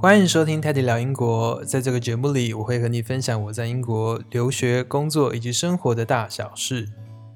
歡迎收聽《泰迪聊英國》。在這個節目裡，我會和你分享我在英國留學、工作以及生活的大小事。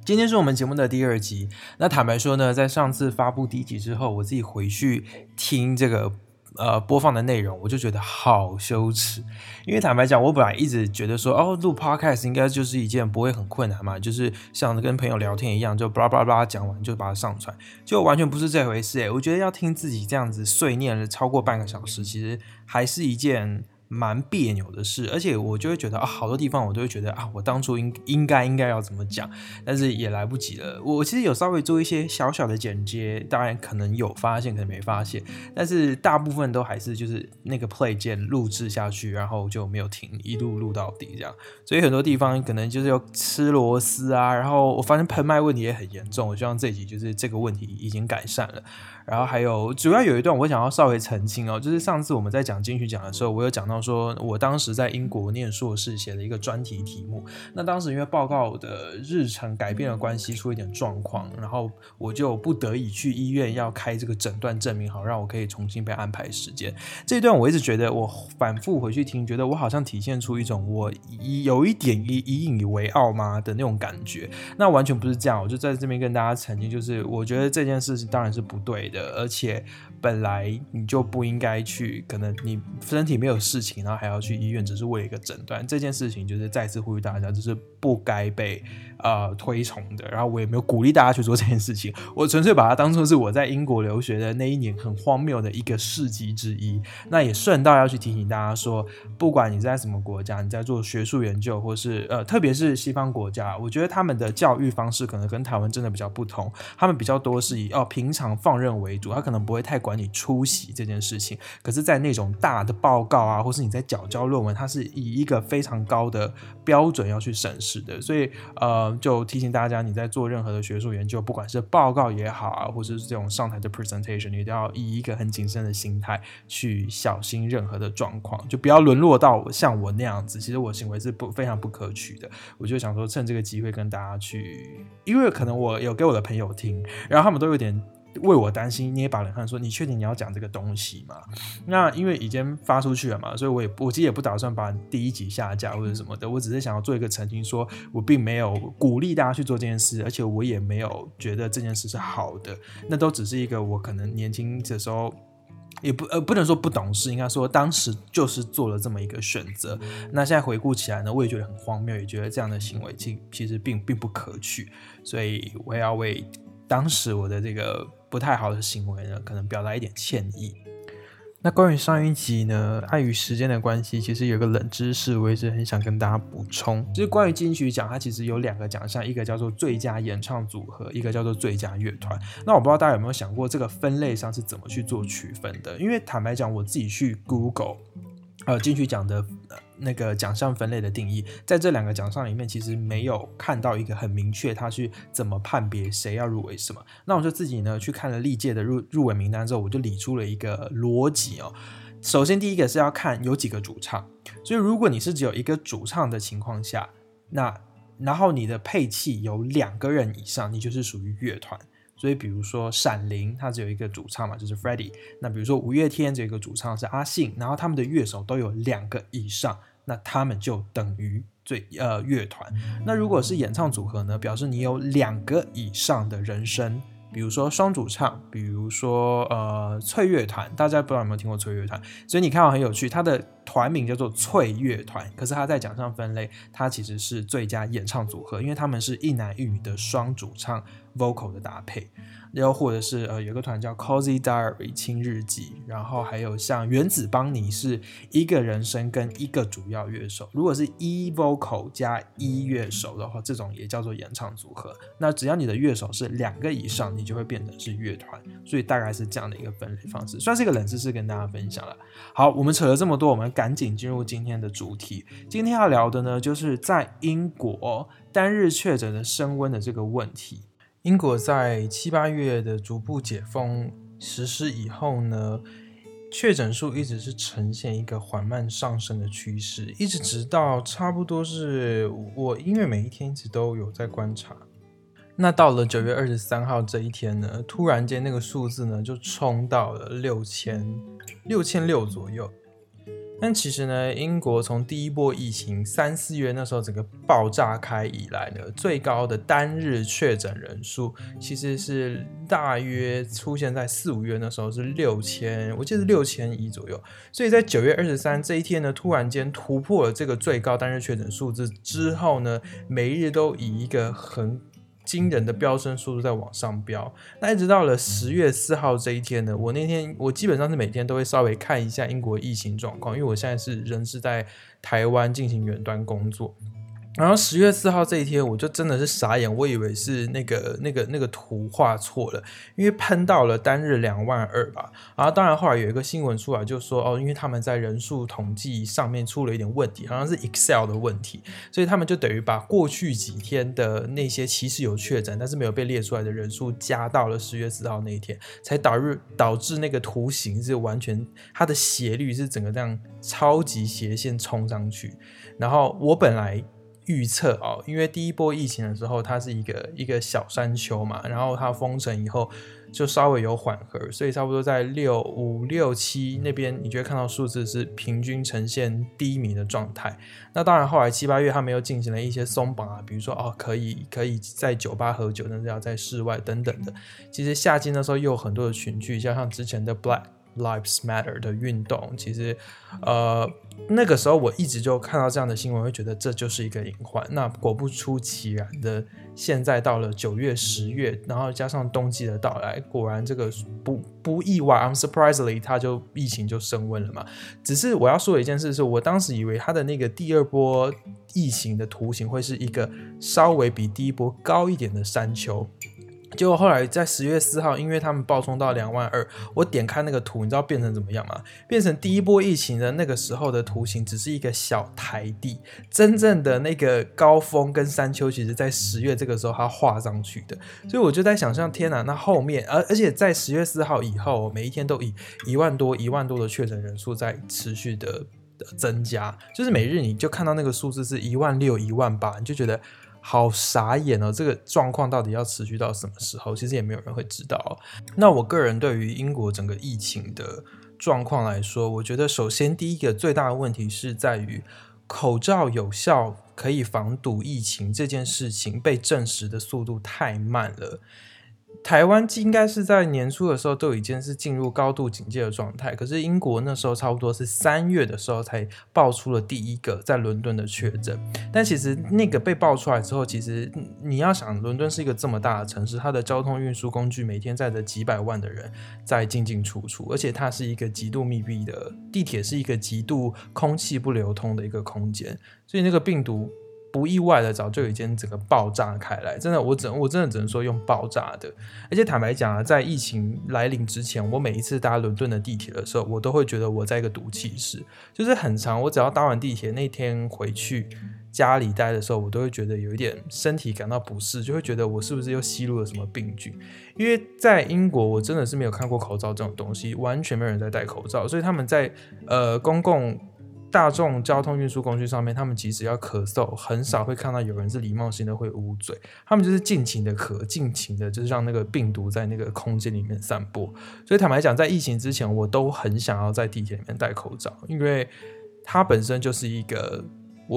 今天是我們節目的第二集。那坦白說呢，在上次發佈第一集之後，我自己回去聽這個。呃，播放的內容我就覺得好羞恥，因為坦白講，我本來一直覺得說，哦，錄 podcast 應該就是一件不會很困難嘛，就是像跟朋友聊天一樣，就巴拉巴拉講完就把它上傳，就完全不是這回事哎、欸，我覺得要聽自己這樣子碎念了超過半個小時，其實還是一件。蠻別扭的事，而且我就會覺得啊、哦，好多地方我都會覺得啊，我當初應應該應該要怎麼講，但是也來不及了。我其實有稍微做一些小小的剪接，當然可能有發現，可能沒發現，但是大部分都還是就是那個 play 鍵錄制下去，然後就沒有停，一路錄到底這樣。所以很多地方可能就是有吃螺絲啊，然後我發現噴麥問題也很嚴重。我希望這集就是這個問題已經改善了。然後還有主要有一段我想要稍微澄清哦，就是上次我們在講金曲獎的時候，我有講到。說我當時在英國念碩士，寫了一個專題題目。那當時因為報告的日程改變的了關係，出一點狀況，然後我就不得已去醫院要開這個診斷證明好，好讓我可以重新被安排時間。這一段我一直覺得，我反覆回去聽，覺得我好像體現出一種我以有一點以引以為傲嗎的那種感覺？那完全不是這樣。我就在這邊跟大家澄清，就是我覺得這件事情當然是不對的，而且本來你就不應該去，可能你身體沒有事情。然後還要去醫院，只是為了一個診斷。這件事情就是再次呼籲大家，就是不該被。呃，推崇的，然後我也沒有鼓勵大家去做這件事情，我純粹把它當成是我在英國留學的那一年很荒謬的一個事跡之一。那也順道要去提醒大家說，不管你在什麼國家，你在做學術研究，或是呃，特別是西方國家，我覺得他們的教育方式可能跟台灣真的比較不同。他們比較多是以哦、呃、平常放任為主，他可能不會太管你出席這件事情。可是，在那種大的報告啊，或是你在繳交論文，它是以一個非常高的標準要去審視的。所以，呃。就提醒大家，你在做任何的學術研究，不管是報告也好啊，或者是這種上台的 presentation，你都要以一個很謹慎的心態去小心任何的狀況，就不要淪落到我，像我那樣子。其實我行為是不，非常不可取的。我就想說，趁這個機會跟大家去，因為可能我有給我的朋友聽，然後他們都有點。為我擔心捏把冷汗，說，你確定你要講這個東西嗎？那因為已經發出去了嘛，所以我也我其實也不打算把第一集下架或者什麼的，我只是想要做一個澄清說，說我並沒有鼓勵大家去做這件事，而且我也沒有覺得這件事是好的，那都只是一個我可能年輕的時候也不呃，不能說不懂事，應該說當時就是做了這麼一個選擇。那現在回顧起來呢，我也覺得很荒謬，也覺得這樣的行為其其實並並不可取，所以我也要為當時我的這個。不太好的行為呢，可能表達一點歉意。那關於上一集呢，礙於時間的關係，其實有個冷知識，我一直很想跟大家補充，就是關於金曲獎，它其實有兩個獎項，一個叫做最佳演唱組合，一個叫做最佳樂團。那我不知道大家有沒有想過，這個分類上是怎麼去做區分的？因為坦白講，我自己去 Google，呃，金曲獎的。那個獎項分類的定義，在這兩個獎項裡面，其實沒有看到一個很明確，他是怎麼判別誰要入圍什麼。那我就自己呢去看了歷屆的入入圍名單之後，我就理出了一個邏輯哦。首先第一個是要看有幾個主唱，所以如果你是只有一個主唱的情況下，那然後你的配器有兩個人以上，你就是屬於樂團。所以比如說閃靈，它只有一個主唱嘛，就是 Freddy。那比如說五月天這個主唱是阿信，然後他們的樂手都有兩個以上。那他們就等於最呃樂團。那如果是演唱組合呢，表示你有兩個以上的人聲，比如說雙主唱，比如說呃脆樂團，大家不知道有沒有聽過脆樂團？所以你看到很有趣，它的。團名叫做翠樂團，可是它在獎項分類，它其實是最佳演唱組合，因為他們是一男一女的雙主唱 vocal 的搭配，又或者是呃，有個團叫 COSY DIARY 輕日記，然後還有像原子邦尼是一個人聲跟一個主要樂手，如果是一 vocal 加一樂手的話，這種也叫做演唱組合。那只要你的樂手是兩個以上，你就會變成是樂團，所以大概是這樣的一個分類方式，算是一個冷知識跟大家分享了。好，我們扯了這麼多，我們。趕緊進入今天的主題。今天要聊的呢，就是在英國單日確診的升溫的這個問題。英國在七八月的逐步解封實施以後呢，確診數一直是呈現一個緩慢上升的趨勢，一直直到差不多是我，因為每一天一直都有在觀察。那到了九月二十三號這一天呢，突然間那個數字呢，就衝到了六千六千六左右。但其實呢，英國從第一波疫情三四月那時候整個爆炸開以來呢，最高的單日確診人數其實是大約出現在四五月，那時候是六千，我記得是六千一左右。所以在九月二十三這一天呢，突然間突破了這個最高單日確診數字之後呢，每一日都以一個很驚人的飆升速度在往上飆，那一直到了十月四號這一天呢，我那天我基本上是每天都會稍微看一下英國疫情狀況，因為我現在是仍是在台灣進行遠端工作。然後十月四號這一天，我就真的是傻眼，我以為是那個那個那個圖畫錯了，因為噴到了單日兩萬二吧。然後當然後來有一個新聞出來，就說哦，因為他們在人數統計上面出了一點問題，好像是 Excel 的問題，所以他們就等於把過去幾天的那些其實有確診但是沒有被列出來的人數加到了十月四號那一天，才導致導致那個圖形是完全，它的斜率是整個這樣超級斜線衝上去。然後我本來。預測哦，因為第一波疫情的時候，它是一個一個小山丘嘛，然後它封城以後就稍微有緩和，所以差不多在六五六七那邊，你就會看到數字是平均呈現低迷的狀態。那當然，後來七八月他們又進行了一些鬆綁啊，比如說哦，可以可以在酒吧喝酒，但是要在室外等等的。其實夏季那時候又有很多的群聚，加上之前的 Black。Lives Matter 的運動，其實，呃，那個時候我一直就看到這樣的新聞，會覺得這就是一個隱患。那果不出其然的，現在到了九月、十月，然後加上冬季的到來，果然這個不不意外，unsurprisingly，它就疫情就升溫了嘛。只是我要說一件事是，我當時以為它的那個第二波疫情的圖形會是一個稍微比第一波高一點的山丘。結果後來在十月四號，因為他們暴衝到兩萬二，我點開那個圖，你知道變成怎麼樣嗎？變成第一波疫情的那個時候的圖形，只是一個小台地，真正的那個高峰跟山丘，其實在十月這個時候它畫上去的。所以我就在想象，天哪！那後面，而而且在十月四號以後，我每一天都以一萬多、一萬多的確診人數在持續的增加，就是每日你就看到那個數字是一萬六、一萬八，你就覺得。好傻眼哦！這個狀況到底要持續到什麼時候？其實也沒有人會知道。那我個人對於英國整個疫情的狀況來說，我覺得首先第一個最大的問題是在於口罩有效可以防堵疫情這件事情被證實的速度太慢了。台灣應該是在年初的時候都已經是進入高度警戒的狀態，可是英國那時候差不多是三月的時候才爆出了第一個在倫敦的確診。但其實那個被爆出來之後，其實你要想，倫敦是一個這麼大的城市，它的交通運輸工具每天載着幾百萬的人在進進出出，而且它是一個極度密閉的地鐵，是一個極度空氣不流通的一個空間，所以那個病毒。不意外的，早就已經整個爆炸開來，真的，我只能我真的只能說用爆炸的。而且坦白講啊，在疫情來臨之前，我每一次搭倫敦的地鐵的時候，我都會覺得我在一個毒氣室，就是很常。我只要搭完地鐵那天回去家裡待的時候，我都會覺得有一點身體感到不適，就會覺得我是不是又吸入了什麼病菌。因為在英國，我真的是沒有看過口罩這種東西，完全沒有人在戴口罩，所以他們在呃公共。大眾交通運輸工具上面，他們即使要咳嗽，很少會看到有人是禮貌性的會捂嘴他們就是盡情的咳，盡情的就是讓那個病毒在那個空間裡面散播。所以坦白講，在疫情之前，我都很想要在地鐵裡面戴口罩，因為它本身就是一個。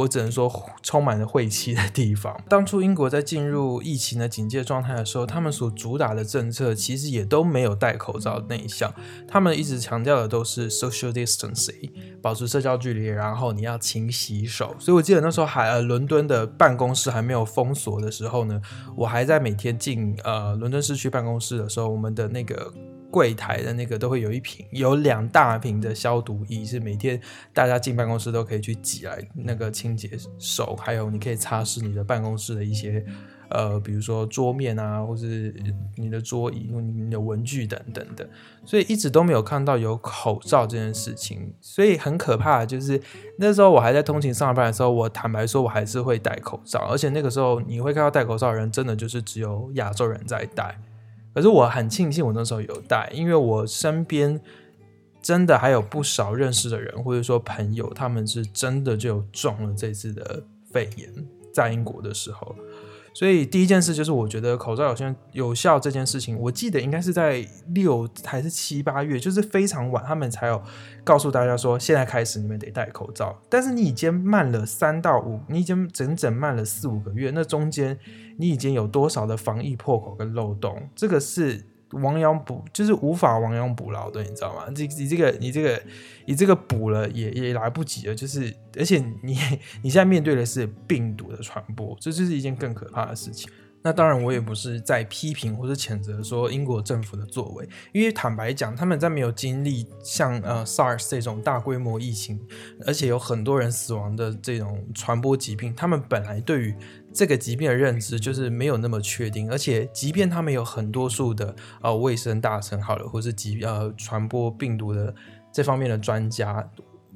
我只能說，充滿了晦氣的地方。當初英國在進入疫情的警戒狀態的時候，他們所主打的政策其實也都沒有戴口罩那一項，他們一直強調的都是 social distancing，保持社交距離，然後你要勤洗手。所以我記得那時候還，呃倫敦的辦公室還沒有封鎖的時候呢，我還在每天進呃倫敦市區辦公室的時候，我們的那個。櫃檯的那個都會有一瓶，有兩大瓶的消毒液，是每天大家進辦公室都可以去擠來那個清潔手，還有你可以擦拭你的辦公室的一些，呃，比如說桌面啊，或是你的桌椅、你的文具等等的。所以一直都沒有看到有口罩這件事情，所以很可怕，就是那時候我還在通勤上班的時候，我坦白說，我還是會戴口罩，而且那個時候你會看到戴口罩的人，真的就是只有亞洲人在戴。可是我很慶幸我那時候有帶，因為我身邊真的還有不少認識的人，或者說朋友，他們是真的就中了這次的肺炎，在英國的時候。所以第一件事就是，我覺得口罩有效有效這件事情，我記得應該是在六還是七八月，就是非常晚，他們才有告訴大家說，現在開始你們得戴口罩。但是你已經慢了三到五，你已經整整慢了四五個月，那中間你已經有多少的防疫破口跟漏洞？這個是。亡羊補就是無法亡羊補牢的，你知道嗎？你這個你這個你這個補了也也來不及了，就是而且你你現在面對的是病毒的傳播，這就是一件更可怕的事情。那當然，我也不是在批評或者譴責說英國政府的作為，因為坦白講，他們在沒有經歷像呃 SARS 這種大規模疫情，而且有很多人死亡的這種傳播疾病，他們本來對於這個疾病的認知就是沒有那麼確定，而且即便他們有很多數的呃衛生大臣，好了，或是疾呃傳播病毒的這方面的專家。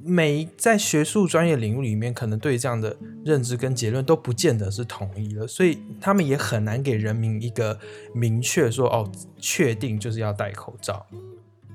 每在學術專業領域裡面，可能對這樣的認知跟結論都不見得是統一的。所以他們也很難給人民一個明確說哦，確定就是要戴口罩。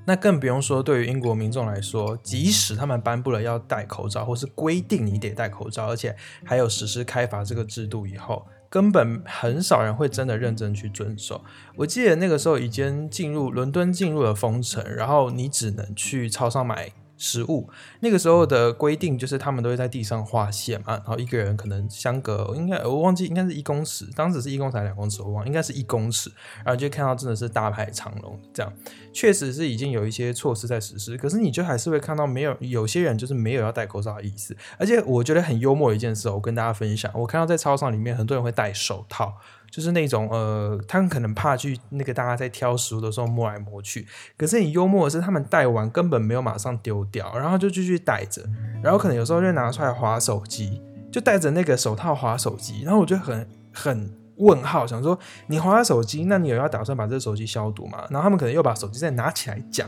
那更不用說對於英國民眾來說，即使他們頒布了要戴口罩，或是規定你得戴口罩，而且還有實施開罰這個制度以後，根本很少人會真的認真去遵守。我記得那個時候已經進入倫敦進入了封城，然後你只能去超商買食物，那個時候的規定就是他們都會在地上畫線嘛，然後一個人可能相隔，應該我忘記，應該是一公尺，當時是一公尺還是兩公尺我忘了，應該是一公尺，然後就看到真的是大排長龍這樣，確實是已經有一些措施在實施，可是你就還是會看到沒有有些人就是沒有要戴口罩的意思，而且我覺得很幽默一件事，我跟大家分享，我看到在超商裡面很多人會戴手套。就是那種呃，他們可能怕去那個大家在挑食物的時候摸來摸去。可是你幽默的是，他們戴完根本沒有馬上丟掉，然後就繼續戴着。然後可能有時候就拿出來滑手機，就戴着那個手套滑手機。然後我就很很問號，想說你滑手機，那你有要打算把這個手機消毒嗎？然後他們可能又把手機再拿起來講，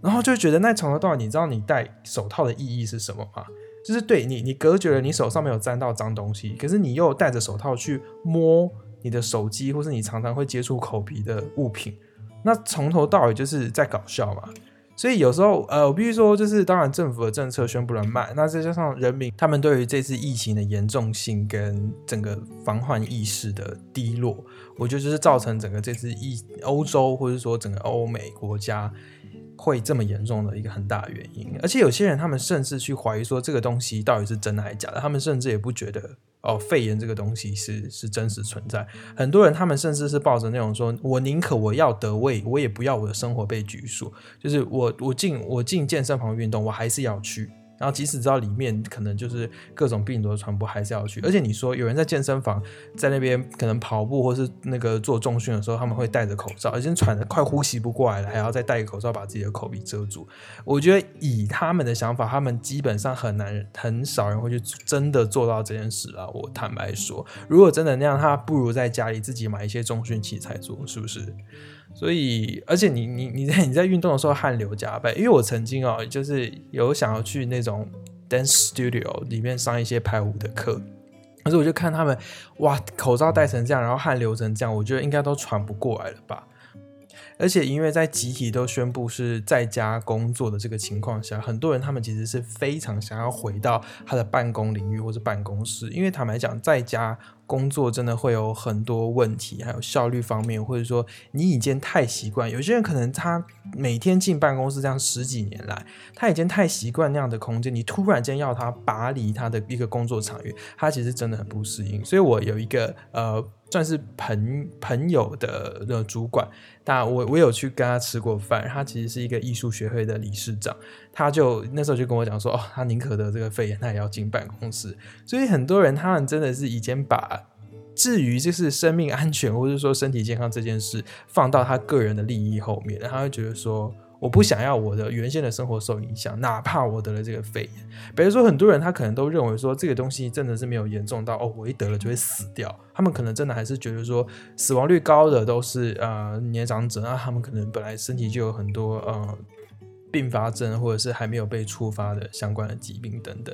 然後就覺得那從頭到尾，你知道你戴手套的意義是什麼嗎？就是對你，你隔絕了你手上沒有沾到髒東西。可是你又戴着手套去摸。你的手機，或是你常常會接觸口鼻的物品，那從頭到尾就是在搞笑嘛。所以有時候，呃，我必須說，就是當然政府的政策宣布了慢，那再加上人民他們對於這次疫情的嚴重性跟整個防患意識的低落，我覺得就是造成整個這次疫歐洲或者說整個歐美國家會這麼嚴重的一個很大的原因。而且有些人他們甚至去懷疑說這個東西到底是真的還是假的，他們甚至也不覺得。哦，肺炎這個東西是是真實存在，很多人他們甚至是抱着那種說，我寧可我要得胃，我也不要我的生活被拘束，就是我我進我進健身房運動，我還是要去。然後即使知道裡面可能就是各種病毒的傳播，還是要去。而且你說有人在健身房在那邊可能跑步或是那個做重訓的時候，他們會戴着口罩，已經喘得快呼吸不過來了，還要再戴個口罩把自己的口鼻遮住。我覺得以他們的想法，他們基本上很難，很少人會去真的做到這件事啊。我坦白說，如果真的那樣，他不如在家裡自己買一些重訓器材做，是不是？所以，而且你你你在你在運動的時候汗流浹背，因為我曾經哦、喔，就是有想要去那種 dance studio 裡面上一些排舞的課，可是我就看他們，哇，口罩戴成這樣，然後汗流成這樣，我覺得應該都喘不過來了吧。而且，因為在集體都宣布是在家工作的這個情況下，很多人他們其實是非常想要回到他的辦公領域或者辦公室，因為坦白講，在家。工作真的會有很多問題，還有效率方面，或者說你已經太習慣。有些人可能他每天進辦公室這樣十幾年來，他已經太習慣那樣的空間，你突然間要他拔離他的一個工作場域，他其實真的很不適應。所以我有一個呃。算是朋朋友的主管，但我我有去跟他吃過飯，他其實是一個藝術學會的理事長，他就那時候就跟我講說，哦，他寧可得這個肺炎，他也要進辦公室。所以很多人他們真的是已經把至於就是生命安全或者是說身體健康這件事，放到他個人的利益後面，然後他會覺得說。我不想要我的原先的生活受影響，哪怕我得了這個肺炎。比如說，很多人他可能都認為說，這個東西真的是沒有嚴重到哦，我一得了就會死掉。他們可能真的還是覺得說，死亡率高的都是呃年長者，那、啊、他們可能本來身體就有很多呃併發症，或者是還沒有被觸發的相關的疾病等等。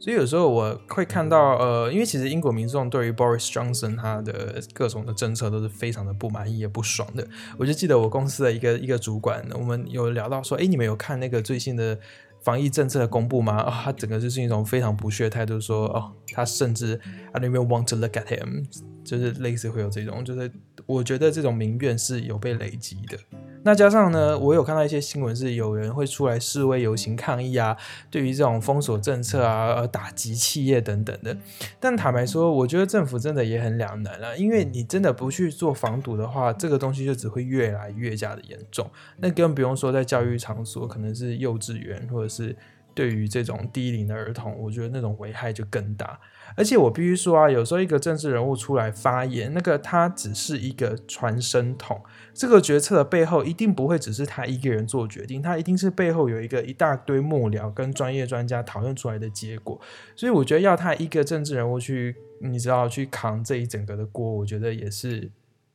所以有時候我會看到，呃，因為其實英國民眾對於 Boris Johnson 他的各種的政策都是非常的不滿意、也不爽的。我就記得我公司的一個一個主管，我們有聊到說，誒，你們有看那個最新的防疫政策的公布嗎？啊，他整個就是一種非常不屑態度，說，哦，他甚至 I don't even want to look at him，就是類似會有這種，就是我覺得這種民怨是有被累積的。那加上呢，我有看到一些新聞是有人會出來示威遊行抗議啊，對於這種封鎖政策啊、打擊企業等等的。但坦白說，我覺得政府真的也很兩難了啊，因為你真的不去做防堵的話，這個東西就只會越來越加的嚴重。那更不用說在教育場所，可能是幼稚園或者是對於這種低齡的兒童，我覺得那種危害就更大。而且我必須說啊，有時候一個政治人物出來發言，那個他只是一個傳聲筒。這個決策的背後一定不會只是他一個人做決定，他一定是背後有一個一大堆幕僚跟專業專家討論出來的結果。所以我覺得要他一個政治人物去，你知道去扛這一整個的鍋，我覺得也是，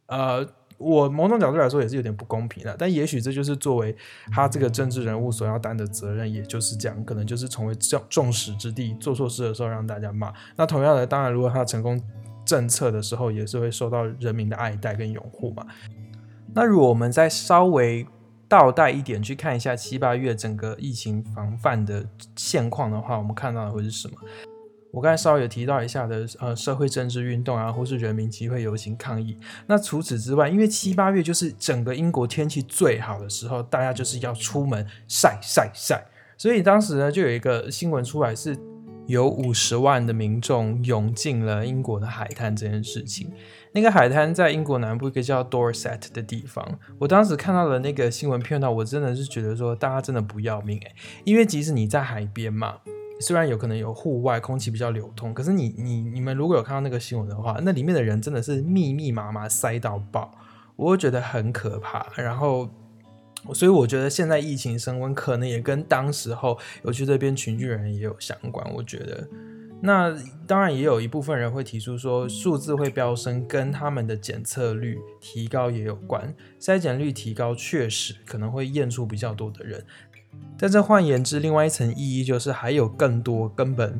呃，我某種角度來說也是有點不公平的。但也許這就是作為他這個政治人物所要擔的責任，也就是講可能就是成為眾眾矢之的，做錯事的時候讓大家罵。那同樣的，當然如果他成功政策的時候，也是會受到人民的愛戴跟擁護嘛。那如果我們再稍微倒帶一點去看一下七八月整個疫情防範的現況的話，我們看到的會是什麼？我剛才稍微有提到一下的，呃，社會政治運動啊，或是人民集會遊行抗議。那除此之外，因為七八月就是整個英國天氣最好的時候，大家就是要出門曬曬曬。所以當時呢，就有一個新聞出來是，有五十萬的民眾湧進了英國的海灘這件事情，那個海灘在英國南部一個叫 Dorset 的地方。我當時看到的那個新聞片段，我真的是覺得說大家真的不要命誒，因為即使你在海邊嘛，雖然有可能有戶外空氣比較流通，可是你你你們如果有看到那個新聞的話，那裡面的人真的是密密麻麻塞到爆，我會覺得很可怕。然後。所以我覺得現在疫情升溫，可能也跟當時候有去這邊群聚人也有相關。我覺得，那當然也有一部分人會提出說，數字會飆升，跟他們的檢測率提高也有關。篩檢率提高確實可能會驗出比較多的人，但這換言之，另外一層意義就是，還有更多根本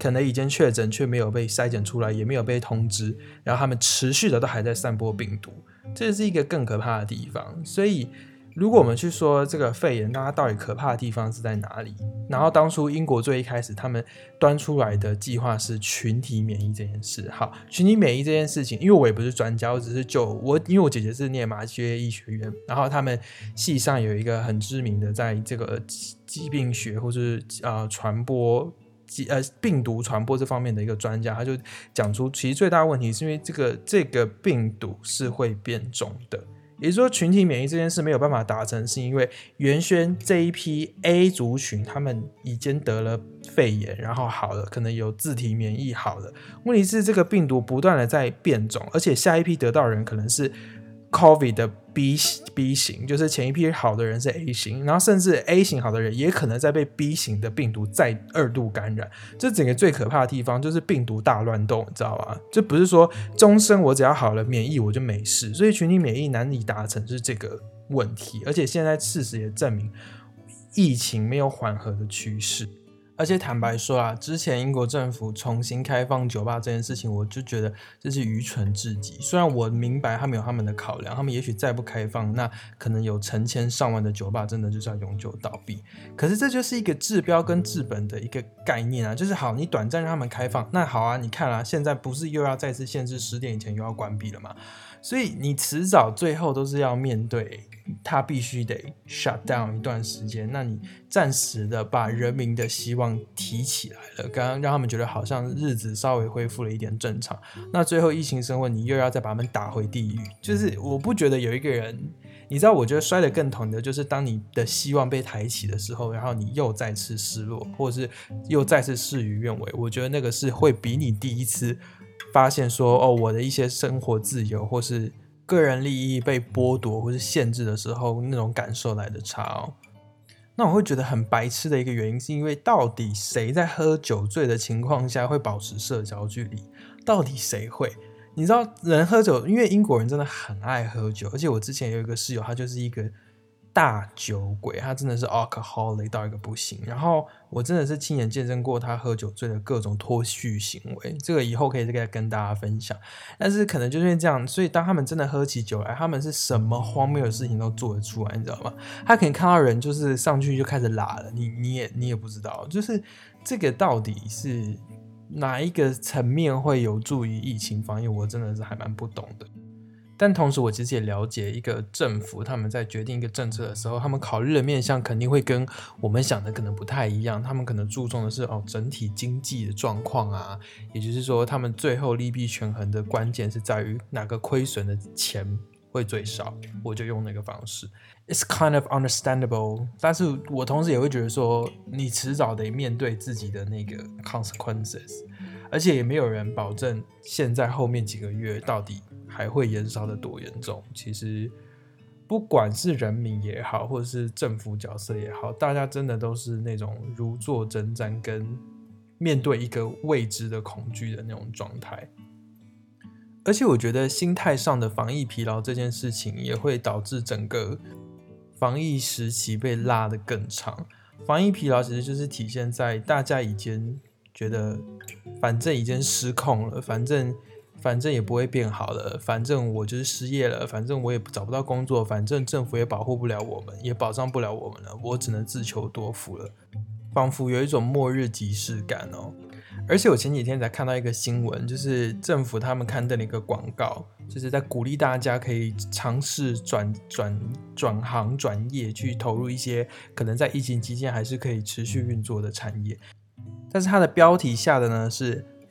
可能已經確診卻沒有被篩檢出來，也沒有被通知，然後他們持續的都還在散播病毒，這是一個更可怕的地方。所以。如果我們去說這個肺炎，那它到底可怕的地方是在哪裡？然後當初英國最一開始他們端出來的計劃是群體免疫這件事。好，群體免疫這件事情，因為我也不是專家，我只是就我因為我姐姐是念麻省醫學院，然後他們系上有一個很知名的在這個疾病學或是啊傳播、疾、呃、病毒傳播這方面的一個專家，他就講出其實最大的問題是因為這個這個病毒是會變種的。也就是說，群體免疫這件事沒有辦法達成，是因為原先這一批 A 族群他們已經得了肺炎，然後好了，可能有自體免疫好了。問題是，這個病毒不斷的在變種，而且下一批得到的人可能是。Covid 的 B B 型，就是前一批好的人是 A 型，然後甚至 A 型好的人也可能在被 B 型的病毒再二度感染。這整個最可怕的地方就是病毒大亂鬥，你知道吧？這不是說，終身我只要好了免疫我就沒事，所以群體免疫難以達成是這個問題。而且現在事實也證明，疫情沒有緩和的趨勢。而且坦白說啊，之前英國政府重新開放酒吧這件事情，我就覺得這是愚蠢至極。雖然我明白他們有他們的考量，他們也許再不開放，那可能有成千上萬的酒吧真的就是要永久倒閉。可是這就是一個治標跟治本的一個概念啊，就是好，你短暫讓他們開放，那好啊，你看啊，現在不是又要再次限制十點以前又要關閉了嗎？所以你遲早最後都是要面對欸，他必須得 shut down 一段時間，那你暫時的把人民的希望提起來了，剛剛讓他們覺得好像日子稍微恢復了一點正常，那最後疫情升溫，你又要再把他們打回地獄。就是我不覺得有一個人，你知道，我覺得摔得更疼的就是當你的希望被抬起的時候，然後你又再次失落，或者是又再次事與願違。我覺得那個是會比你第一次發現說，哦，我的一些生活自由，或是，個人利益被剝奪或是限制的時候，那種感受來的差哦。那我會覺得很白痴的一個原因，是因為到底誰在喝酒醉的情況下會保持社交距離？到底誰會？你知道，人喝酒，因為英國人真的很愛喝酒，而且我之前有一個室友，他就是一個。大酒鬼，他真的是 alcoholic 到一個不行。然後我真的是親眼見證過他喝酒醉的各種脫序行為，這個以後可以再跟大家分享。但是可能就是因為這樣，所以當他們真的喝起酒來，他們是什麼荒謬的事情都做得出來，你知道嗎？他可能看到人就是上去就開始拉了，你你也你也不知道，就是這個到底是哪一個層面會有助於疫情防疫，我真的是還蠻不懂的。但同時，我其實也了解，一個政府他們在決定一個政策的時候，他們考慮的面向肯定會跟我們想的可能不太一樣。他們可能注重的是哦，整體經濟的狀況啊，也就是說，他們最後利弊權衡的關鍵是在於哪個虧損的錢會最少，我就用那個方式。It's kind of understandable，但是我同時也會覺得說，你遲早得面對自己的那個 consequences，而且也沒有人保證現在後面幾個月到底。還會燃燒得多嚴重？其實，不管是人民也好，或者是政府角色也好，大家真的都是那種如坐針氈、跟面對一個未知的恐懼的那種狀態。而且，我覺得心態上的防疫疲勞這件事情，也會導致整個防疫時期被拉得更長。防疫疲勞其實就是體現在大家已經覺得，反正已經失控了，反正。反正也不會變好了，反正我就是失業了，反正我也找不到工作，反正政府也保護不了我們，也保障不了我們了，我只能自求多福了。仿佛有一種末日即視感哦。而且我前幾天才看到一個新聞，就是政府他們刊登了一個廣告，就是在鼓勵大家可以嘗試轉轉轉行轉業，去投入一些可能在疫情期間還是可以持續運作的產業。但是它的標題下的呢，是。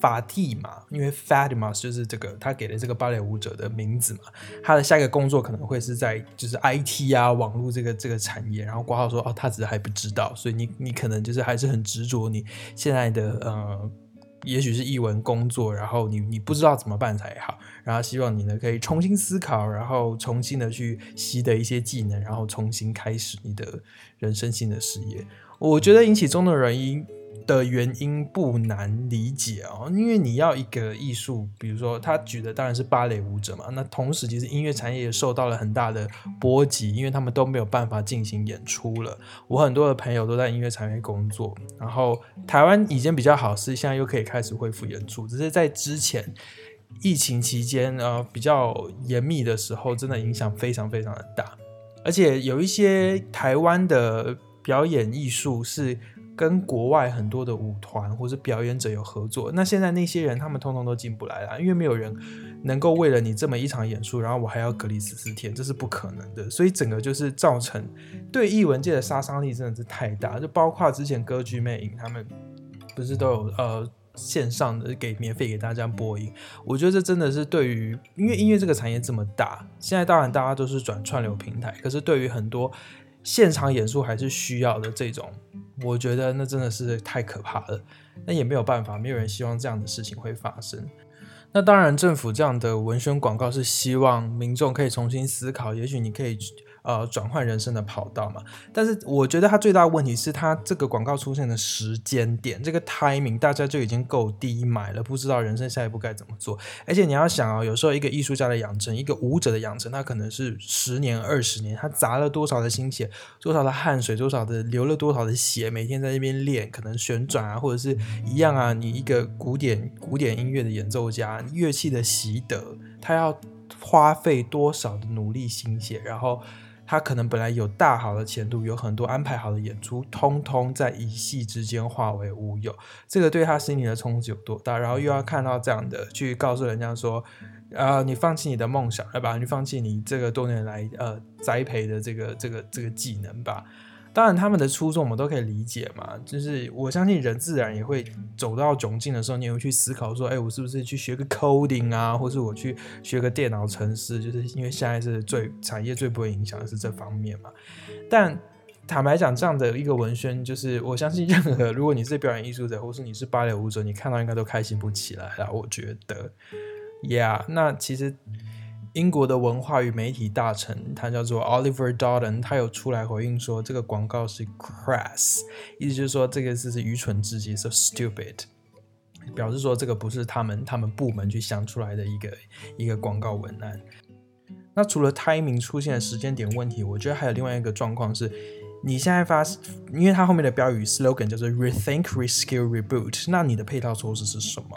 法蒂嘛，因為 Fatima 就是這個他給的這個芭蕾舞者的名字嘛。他的下一個工作可能會是在就是 IT 啊，網絡這個這個產業。然後括號說哦，他只是還不知道，所以你你可能就是還是很執着你現在的呃，也許是藝文工作，然後你你不知道怎麼辦才好。然後希望你呢可以重新思考，然後重新的去習得一些技能，然後重新開始你的人生新的事業。我覺得引起中的原因。的原因不難理解哦，因為你要一個藝術，比如說他舉的當然是芭蕾舞者嘛。那同時其實音樂產業也受到了很大的波及，因為他們都沒有辦法進行演出了。我很多的朋友都在音樂產業工作，然後台灣已經比較好，是現在又可以開始恢復演出，只是在之前疫情期間呃，比較嚴密的時候，真的影響非常非常的大，而且有一些台灣的表演藝術是。跟國外很多的舞團或是表演者有合作，那現在那些人他們通通都進不來了，因為沒有人能夠為了你這麼一場演出，然後我還要隔離十四天，這是不可能的。所以整個就是造成對藝文界的殺傷力真的是太大，就包括之前歌劇魅影，他們不是都有呃線上的給免費給大家播映。我覺得這真的是對於因為音樂這個產業這麼大，現在當然大家都是轉串流平台，可是對於很多。現場演出還是需要的這種，我覺得那真的是太可怕了。那也沒有辦法，沒有人希望這樣的事情會發生。那當然，政府這樣的文宣廣告是希望民眾可以重新思考，也許你可以。呃，轉換人生的跑道嘛，但是我覺得它，最大問題是它這個廣告出現的時間點，這個 timing 大家就已經夠低買了，不知道人生下一步該怎麼做。而且你要想啊、哦，有時候一個藝術家的養成，一個舞者的養成，他可能是十年、二十年，他砸了多少的心血、多少的汗水、多少的流了多少的血，每天在那邊練，可能旋轉啊，或者是一樣啊，你一個古典古典音樂的演奏家，樂器的習得，他要花費多少的努力、心血，然後。他可能本來有大好的前途，有很多安排好的演出，通通在一夕之間化為烏有，這個對他心理的衝擊有多大？然後又要看到這樣的，去告訴人家說，啊、呃，你放棄你的夢想，來吧，你放棄你這個多年來呃栽培的這個這個這個技能吧。當然，他們的初衷我們都可以理解嘛。就是我相信人自然也會走到窘境的時候，你也會去思考說，哎，我是不是去學個 coding 啊，或是我去學個電腦程式？就是因為現在是最產業最不會影響的是這方面嘛。但坦白講，這樣的一個文宣，就是我相信任何，如果你是表演藝術者，或是你是芭蕾舞者，你看到應該都開心不起來了。我覺得，呀，那其實。英國的文化與媒體大臣，他叫做 Oliver Dowden，他有出來回應說，這個廣告是 crass，意思就是說這個是愚蠢至極，so stupid，表示說這個不是他們他們部門去想出來的一個一個廣告文案。那除了 timing 出現的時間點問題，我覺得還有另外一個狀況是，你現在發，因為它後面的標語 slogan 叫做 rethink，reskill，reboot，那你的配套措施是什麼？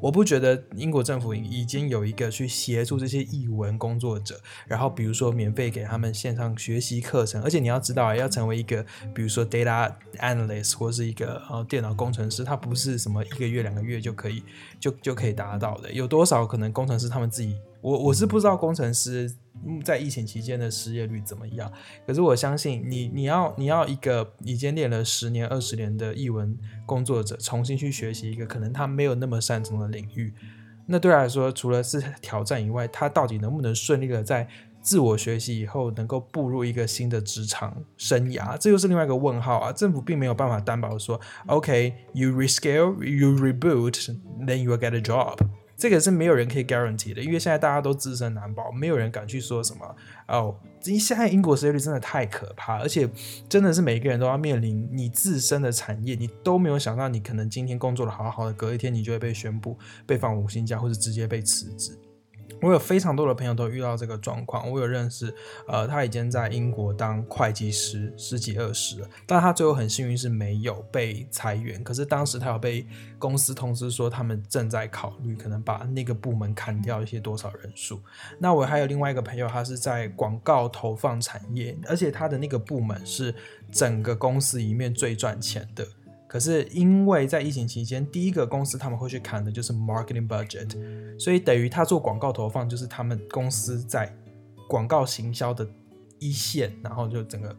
我不覺得英國政府已經有一個去協助這些藝文工作者，然後比如說免費給他們線上學習課程。而且你要知道啊，要成為一個比如說 data analyst 或是一個呃電腦工程師，他不是什麼一個月兩個月就可以就就可以達到的。有多少可能工程師他們自己？我我是不知道工程師在疫情期間的失業率怎麼樣，可是我相信你，你要你要一個已經練了十年、二十年的藝文工作者，重新去學習一個可能他沒有那麼擅長的領域，那對他來說，除了是挑戰以外，他到底能不能順利的在自我學習以後，能夠步入一個新的職場生涯，這又是另外一個問號啊！政府並沒有辦法擔保說，OK，you rescale，you reboot，then you get a job。這個是沒有人可以 guarantee 的，因為現在大家都自身難保，沒有人敢去說什麼。哦，你現在英國失業率真的太可怕，而且真的是每個人都要面臨你自身的產業，你都沒有想到你可能今天工作得好好的，隔一天你就會被宣佈被放無薪假，或者是直接被辭職。我有非常多的朋友都遇到這個狀況。我有認識，呃，他已經在英國當會計師十幾二十了，但他最後很幸運是沒有被裁員。可是當時他有被公司通知說，他們正在考慮可能把那個部門砍掉一些多少人數。那我還有另外一個朋友，他是在廣告投放產業，而且他的那個部門是整個公司裡面最賺錢的。可是因為在疫情期間，第一個公司他們會去砍的就是 marketing budget，所以等於他做廣告投放，就是他們公司在廣告行銷的一線，然後就整個。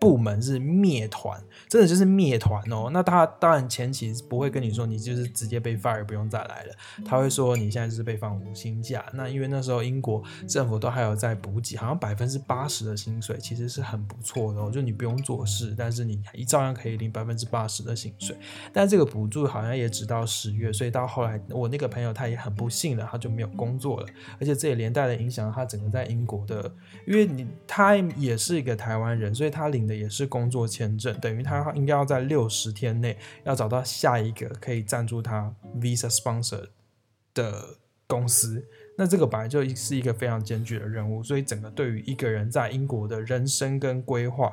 部門是滅團，真的就是滅團哦。那他當然前期不會跟你說，你就是直接被 fire 不用再來了。他會說你現在就是被放無薪假。那因為那時候英國政府都還有在補給，好像百分之八十的薪水其實是很不錯的哦，就你不用做事，但是你一照樣可以領百分之八十的薪水。但這個補助好像也只到十月，所以到後來我那個朋友他也很不幸了，他就沒有工作了，而且這也連帶的影響他整個在英國的，因為你他也是一個台灣人，所以他領。也是工作簽證，等於他應該要在六十天內要找到下一個可以贊助他 visa sponsor 的公司。那這個本來就是一個非常艱巨的任務，所以整個對於一個人在英國的人生跟規劃，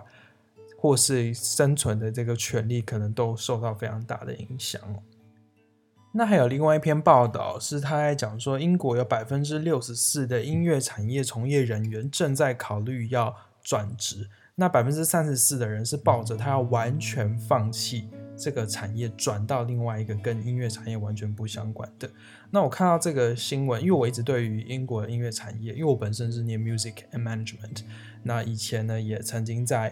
或是生存的這個權利，可能都受到非常大的影響。那還有另外一篇報道是他在講說，英國有百分之六十四的音樂產業從業人員正在考慮要轉職。那百分之三十四的人是抱着他要完全放棄這個產業，轉到另外一個跟音樂產業完全不相關的。那我看到這個新聞，因為我一直對於英國音樂產業，因為我本身是念 Music Management，那以前呢也曾經在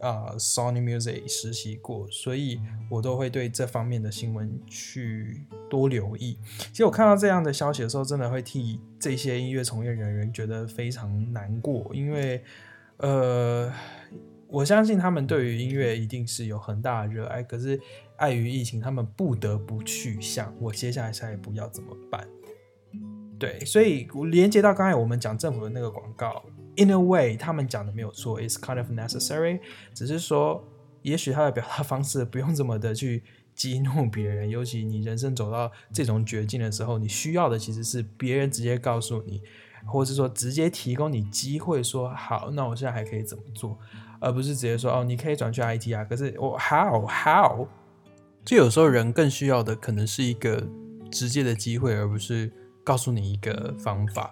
啊、呃、Sony Music 實習過，所以我都會對這方面的新聞去多留意。其實我看到這樣的消息的時候，真的會替這些音樂從業人員覺得非常難過，因為。呃，我相信他們對於音樂一定是有很大的熱愛，可是礙於疫情，他們不得不去想我接下來下一步要怎麼辦。對，所以我連接到剛才我們講政府的那個廣告，In a way，他們講的沒有錯，it's kind of necessary，只是說，也許他的表達方式不用這麼的去激怒別人，尤其你人生走到這種絕境的時候，你需要的其實是別人直接告訴你。或者是說直接提供你機會，說好，那我現在還可以怎麼做，而不是直接說哦，你可以轉去 IT 啊。可是我 how how，就有時候人更需要的可能是一個直接的機會，而不是告訴你一個方法。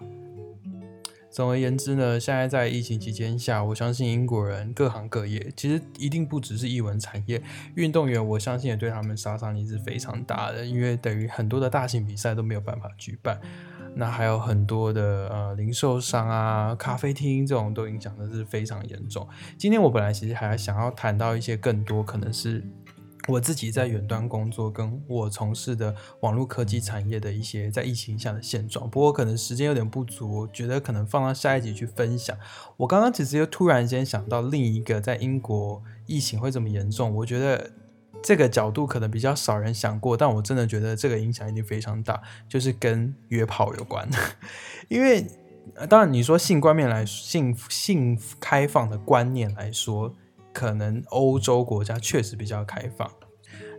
總而言之呢，現在在疫情期間下，我相信英國人各行各業其實一定不只是藝文產業，運動員我相信也對他們殺傷力是非常大的，因為等於很多的大型比賽都沒有辦法舉辦。那還有很多的呃零售商啊、咖啡廳這種都影響的是非常嚴重。今天我本來其實還想要談到一些更多可能是我自己在遠端工作跟我從事的網絡科技產業的一些在疫情影響的現狀，不過可能時間有點不足，我覺得可能放到下一集去分享。我剛剛其實又突然間想到另一個在英國疫情會這麼嚴重，我覺得。這個角度可能比較少人想過，但我真的覺得這個影響一定非常大，就是跟約炮有關。 因為當然你說性觀念來性性開放的觀念來說，可能歐洲國家確實比較開放。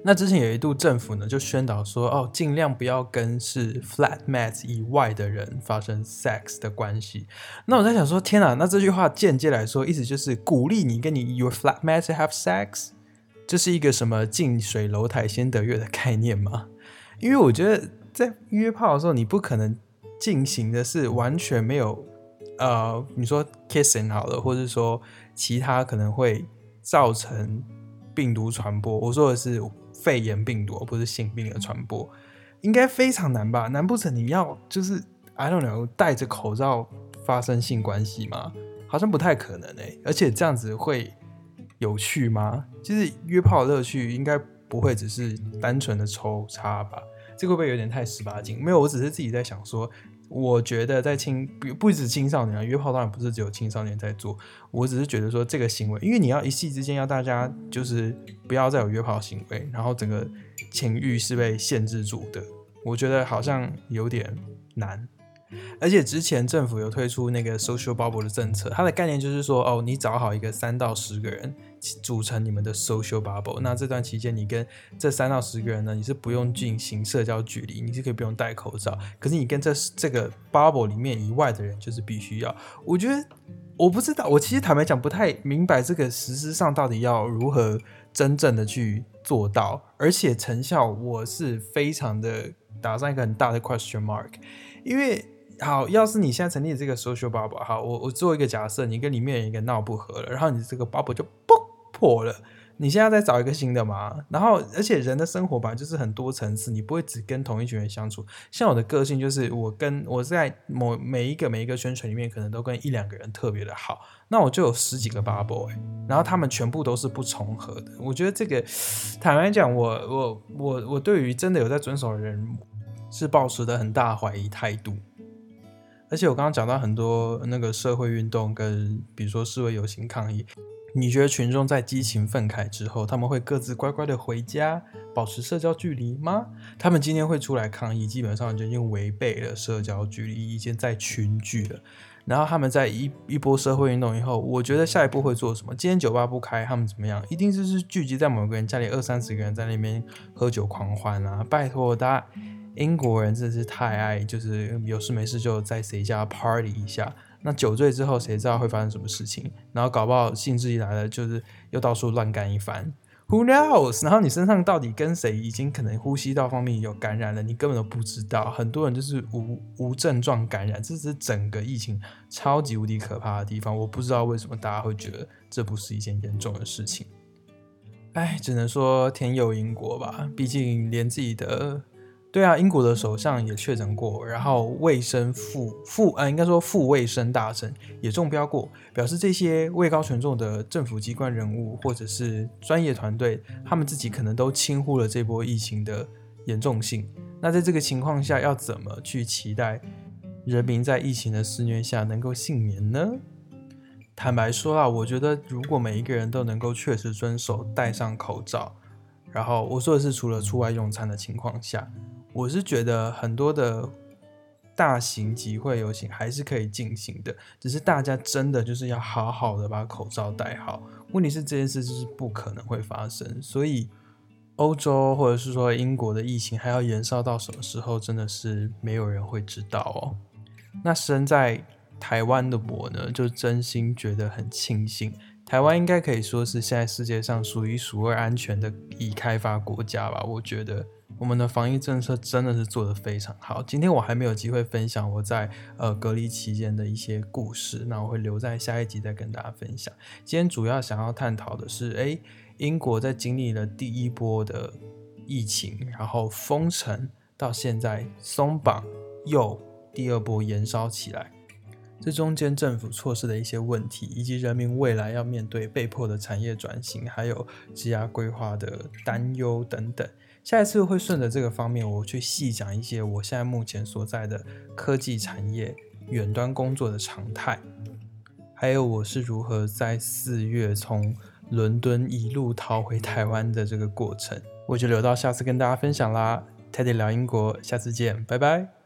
那之前有一度政府呢就宣導說，哦儘量不要跟是 flatmates 以外的人發生 sex 的關係。那我在想說，天啊，那這句話間接來說，意思就是鼓勵你跟你 your flatmates have sex。這是一個什麼“近水樓台先得月”的概念嗎？因為我覺得在約炮的時候，你不可能進行的是完全沒有，呃，你說 kissing 好了，或者說其他可能會造成病毒傳播。我說的是肺炎病毒，不是性病的傳播，應該非常難吧？難不成你要就是 I don't know 戴着口罩發生性關係嗎？好像不太可能誒、欸，而且這樣子會。有趣嗎？其實約炮的樂趣應該不會只是單純的抽插吧？這個會不會有點太十八禁？沒有，我只是自己在想說，我覺得在青不不止青少年啊，約炮當然不是只有青少年在做。我只是覺得說這個行為，因為你要一夕之間要大家就是不要再有約炮行為，然後整個情欲是被限制住的，我覺得好像有點難。而且之前政府有推出那個 social bubble 的政策，它的概念就是說，哦，你找好一個三到十個人。組成你們的 social bubble，那這段期間你跟這三到十個人呢，你是不用進行社交距離，你是可以不用戴口罩。可是你跟這這個 bubble 裡面以外的人就是必須要。我覺得我不知道，我其實坦白講不太明白這個實施上到底要如何真正的去做到，而且成效我是非常的打上一個很大的 question mark。因為好，要是你現在成立這個 social bubble，好，我我做一個假設，你跟裡面一個鬧不合了，然後你這個 bubble 就爆。破了，你現在再找一個新的嘛？然後，而且人的生活吧，就是很多層次，你不會只跟同一群人相處。像我的個性，就是我跟我在某每一個每一個圈層裡面，可能都跟一兩個人特別的好，那我就有十幾個 bubble，、欸、然後他們全部都是不重合的。我覺得這個，坦白講，我我我我對於真的有在遵守的人，是抱持的很大的懷疑態度。而且我剛剛講到很多那個社會運動，跟比如說示威遊行抗議。你覺得群眾在激情憤慨之後，他們會各自乖乖的回家，保持社交距離嗎？他們今天會出來抗議，基本上就已經違背了社交距離，已經在群聚了。然後他們在一一波社會運動以後，我覺得下一步會做什麼？今天酒吧不開，他們怎麼樣？一定就是聚集在某個人家裡，二三十個人在那邊喝酒狂歡啊！拜託，大家英國人真的是太愛，就是有事沒事就在誰家 party 一下。那酒醉之後，誰知道會發生什麼事情？然後搞不好興致一來了，就是又到處亂幹一番。Who knows？然後你身上到底跟誰已經可能呼吸道方面有感染了，你根本都不知道。很多人就是無無症狀感染，這是整個疫情超級無敵可怕的地方。我不知道為什麼大家會覺得這不是一件嚴重的事情。哎，只能說天佑英國吧。畢竟連自己的。對啊，英國的首相也確診過，然後衛生副副啊，呃，應該說副衛生大臣也中標過，表示這些位高權重的政府機關人物或者是專業團隊，他們自己可能都輕忽了這波疫情的嚴重性。那在這個情況下，要怎麼去期待人民在疫情的肆虐下能夠幸免呢？坦白說啊，我覺得如果每一個人都能夠確實遵守戴上口罩，然後我說的是除了出外用餐的情況下。我是覺得很多的大型集會遊行還是可以進行的，只是大家真的就是要好好的把口罩戴好。問題是這件事就是不可能會發生，所以歐洲或者是說英國的疫情還要延燒到什麼時候，真的是沒有人會知道哦。那身在台灣的我呢，就真心覺得很慶幸，台灣應該可以說是現在世界上數一數二安全的已開發國家吧，我覺得。我們的防疫政策真的是做得非常好。今天我還沒有機會分享我在呃隔離期間的一些故事，那我會留在下一集再跟大家分享。今天主要想要探討的是，哎，英國在經歷了第一波的疫情，然後封城，到現在鬆綁，又第二波延燒起來，這中間政府措施的一些問題，以及人民未來要面對被迫的產業轉型，還有職涯規劃的擔憂等等。下一次會順着這個方面，我去細講一些我現在目前所在的科技產業遠端工作的常態，還有我是如何在四月從倫敦一路逃回台灣的這個過程，我就留到下次跟大家分享啦。Teddy 聊英國，下次見，拜拜。